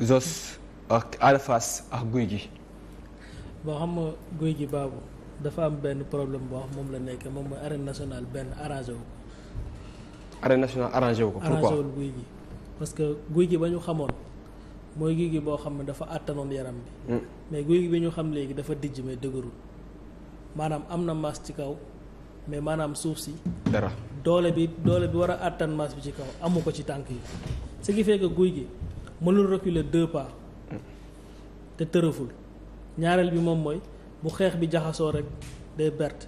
Zos ak Alphas ak guy gi. boo xam nga guy gi baabu dafa am benn problème boo xam moom la nekkee moom mooy arène nationale benn arrangé wu ko. arène nationale arrangé wu ko pourquoi arrangé wul guy gi parce que guy gi ba ñu xamoon mooy guy gi boo xam ne dafa àttanoon yaram bi. Mm. mais guy gi bi ñu xam léegi dafa dijj mais dëgërul maanaam am na masse ci kaw mais maanaam suuf si. dara doole bi doole bi war a àttan masse ci kaw amu ko ci tànk yi mënul reculer deux pas te tërëful ñaareel bi moom mooy bu xeex bi jaxasoo rek day perte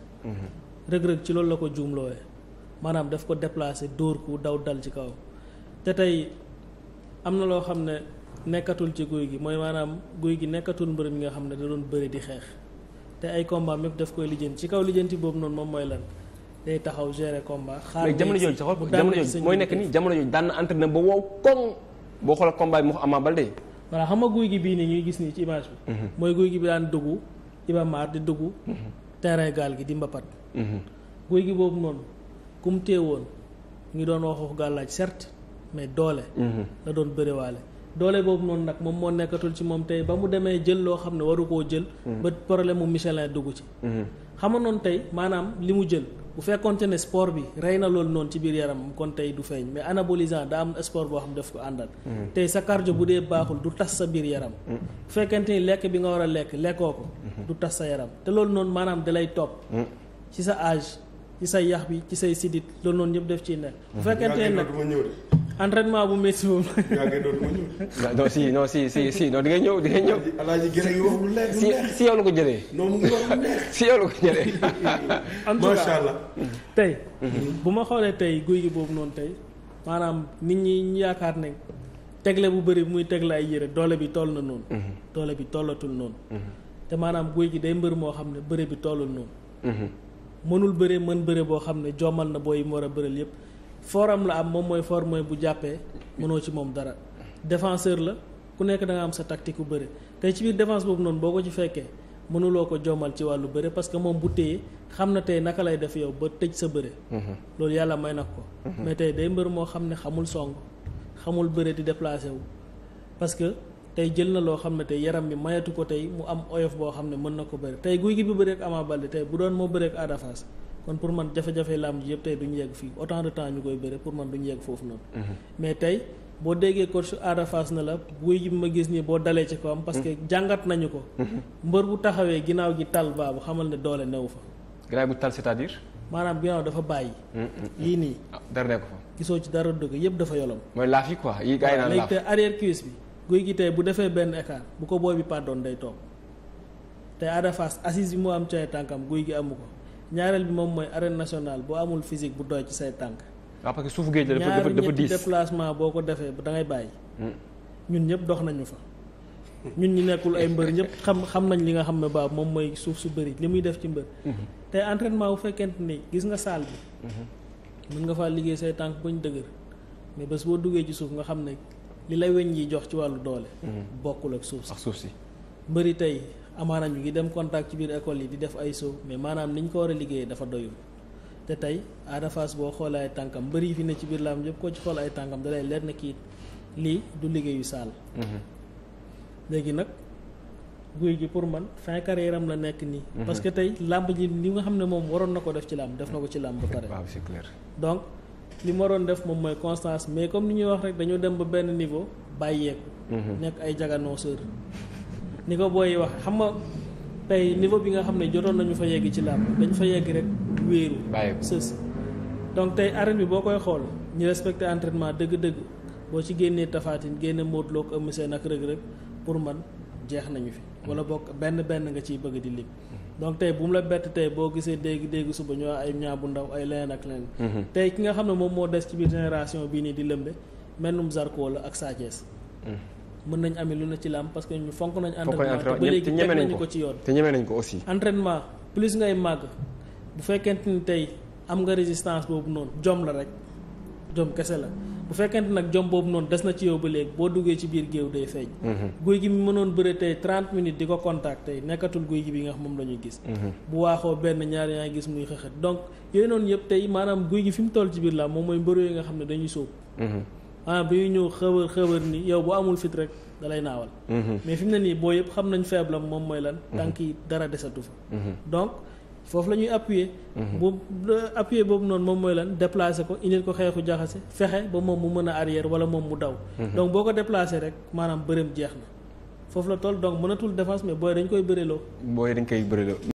rëg-rëg ci loolu la ko juumloowee maanaam daf ko déplacer dóor ku daw dal ci kaw te tey am na loo xam ne nekkatul ci guy gi mooy maanaam guy gi nekkatul mbër mi nga xam ne da doon bëri di xeex te ay combat mépp daf koy lijjanti ci kaw lijjanti boobu noonu moom mooy lan day taxaw gérer komba xaar jamono jooju sa xol mooy nekk nii jamono jooju daan na entraîné ba wow koŋ. boo xoolee combat bi xam a Baldé. voilà xam nga guy gi bii nii ñuy gis nii ci image bi. Mhm. mooy guy gi bi daan dugg Iba Mar di dugg. Mhm. terrain gaal gi di mbapat. Mhm. guy gi boobu noonu ku mu ngi doon wax waxu gàllaaj certes mais doole. la doon bëriwaale. doole boobu noonu nag moom moo nekkatul ci moom tey ba mu demee jël loo xam ne waru koo jël. Mm-hmm. ba problème mu Michelin dugg ci. Mm-hmm. xam nga noonu tey maanaam li mu jël bu fekkonte ne sport bi rey na loolu noonu ci biir yaram mu kon tey du feeñ mais anabolisant daa am sport boo xam ne daf ko àndal. Mm-hmm. tey sa cardio bu dee baaxul du tas sa biir yaram. bu fekkente ni lekk bi nga war a lekk lekkoo ko. du tas sa yaram te loolu noonu maanaam dalay topp. ci sa age ci say yax bi ci say sidit loolu noonu yëpp def ci nekk. bu fekkente ne nag entraînement bu métti boobu. yaa ngi doon ma non si ñëw di nga ñëw. alaaji gën si si la ko jëlee. non mu ngi wax lu leer si yow la ko jëlee. macha tey. Mhm. bu ma xoolee tey guy gi boobu noonu tey maanaam nit ñi ñu yaakaar ne tegle bu bëri muy tegle ay yére doole bi toll na noonu. Mhm. doole bi tollatul noonu. Mhm. te maanaam guy gi day mbër moo xam ne bëre bi tollul noonu. mënul bëre mën bëre boo xam ne jommal na booy yi war a bëreel yépp forum la am moom mooy forme mooy bu jàppee mënoo ci moom dara défenseur la ku nekk da am sa tactique bu bëre tey ci biir défense boobu noonu boo ko ci fekkee mënuloo ko jommal ci wàllu bëre parce que moom bu téye xam na tey naka lay def yow ba tëj sa bëre mhm. loolu yàlla may na ko mhm. mais tey day mbër moo xam ne xamul song xamul bëre di déplacé wu parce que tey jël na loo xam ne tey yaram bi mayatu ko tey mu am oyof boo xam ne mën na ko bëre tey guy gi bi bëreek Ama Baldé bu doon moo bëreek Ada kon pour man jafe-jafe làmb ji yëpp tey duñu yegg fii autant de temps ñu koy bëre pour man duñu yegg foofu noonu. Mhm. mais tey boo déggee coach Ada Fass na la buy yi ma gis nii boo dalee ci kawam. parce que mhm. jàngat nañu ko. Mhm. mbër bu taxawee ginnaaw gi tal baabu xamal ne doole new fa. ginnaaw bu tal c'est-à-dire. maanaam ginnaaw dafa bàyyi. lii nii. Ah, dara nekk fa. gisoo ci dara dëgg yëpp dafa yolom. mooy laaf yi quoi yi gars yi naan laaf léegi gi tey bu defee benn bu ko booy bi pardon day toog te Ada Fass assise bi am caay tànkam guy gi amu ko. ñaareel bi moom mooy arène nationale boo amul physique bu doy ci say tànk. waaw ah, parce que suufu géej la dafa dafa diis déplacement boo ko defee da ngay bàyyi. Hmm. ñun ñëpp dox nañu fa. ñun ñi nekkul ay mbër ñëpp xam xam nañ li nga xam ne baa moom mooy suuf su bëri li muy def ci mbër. Hmm. te entraînement bu fekkente ni gis nga salle bi. Hmm. mën nga faa liggéey say tànk bañ dëgër mais bés boo duggee ci suuf nga xam ne li lay weñ yi jox ci wàllu doole. bokkul ak suuf si ak suuf si. bëri tey amaana ñu ngi dem contact ci biir école yi di def ay saut mais maanaam niñ ko war a liggéeyee dafa doyul te tey Ada Fass boo xoolee ay tànkam bëri yi fi ne ci biir laam yëpp koo ci xool ay tànkam da leer na kii lii du liggéeyu saal. Mhm. léegi nag guy gi pour man fin carrière la nekk nii. Mhm. parce que tey làmb ji li nga xam ne moom waroon na ko def ci làmb def na ko ci làmb ba pare. donc li ma waroon def moom mooy constance mais comme ni ñuy wax rek dañoo dem ba benn niveau bàyyeeku. Mhm. nekk ay jaganooseur ni ko booy wax xam nga tey niveau bi nga xam ne jotoon nañu fa yegg ci làmb dañ fa yegg rek wéeru sës donc tey arène bi boo koy xool ñu respecte entraînement dëgg-dëgg boo ci génnee tafaatin génne Modou Lo ak Eumeu Sène ak Reug Reug pour man jeex nañu fi wala bokk benn benn nga ciy bëgg di lim donc tey bu mu la bett tey boo gisee dégg dégg suba ñoo ay ñaabu ndaw ay leneen ak leneen mhm. tey ki nga xam ne moom moo des ci biir génération bii nii di lëmbe mennum Zarko la ak Sa Thiès mhm. mën nañ amee lu ne ci làmb parce que ñu fonk nañ entraînement ba léegi teg nañu ko ci yoon te ñeme nañ ko aussi entraînement plus ngay màgg bu fekkent ni tey am nga résistance boobu noonu jom la rek jom kese la bu fekkente nag jom boobu noonu des na ci yow ba léegi boo duggee ci biir géew day feeñ mhm. guy gi mu mënoon bëre tey trent minutes di ko contact tey nekkatul guy gi bi nga xam moom la ñu gis mhm. bu waaxoo benn ñaar yaa gis muy xëxët donc yooyu noonu yëpp tey maanaam guy fi mu toll ci biir la moom mooy mbëru yi nga xam ne dañuy sóob mhm. ah bi ñëw xëwër xëwër ni yow bu amul fit rek da lay naawal. Mm-hmm. mais fi mu ne nii boo yëpp xam nañ faible am moom mooy lan. Mm-hmm. tànk yi dara desatu fa. Mm-hmm. donc foofu la ñuy appuyer. bu boobu noonu moom mooy lan déplacer ko indil ko xeexu jaxase fexe ba moom mu mën a arrière wala moom mu daw. donc boo ko déplacer rek maanaam bërëm jeex na foofu la toll donc mënatul défense mais booy dañ koy bëreloo. booy dañ koy bëreloo.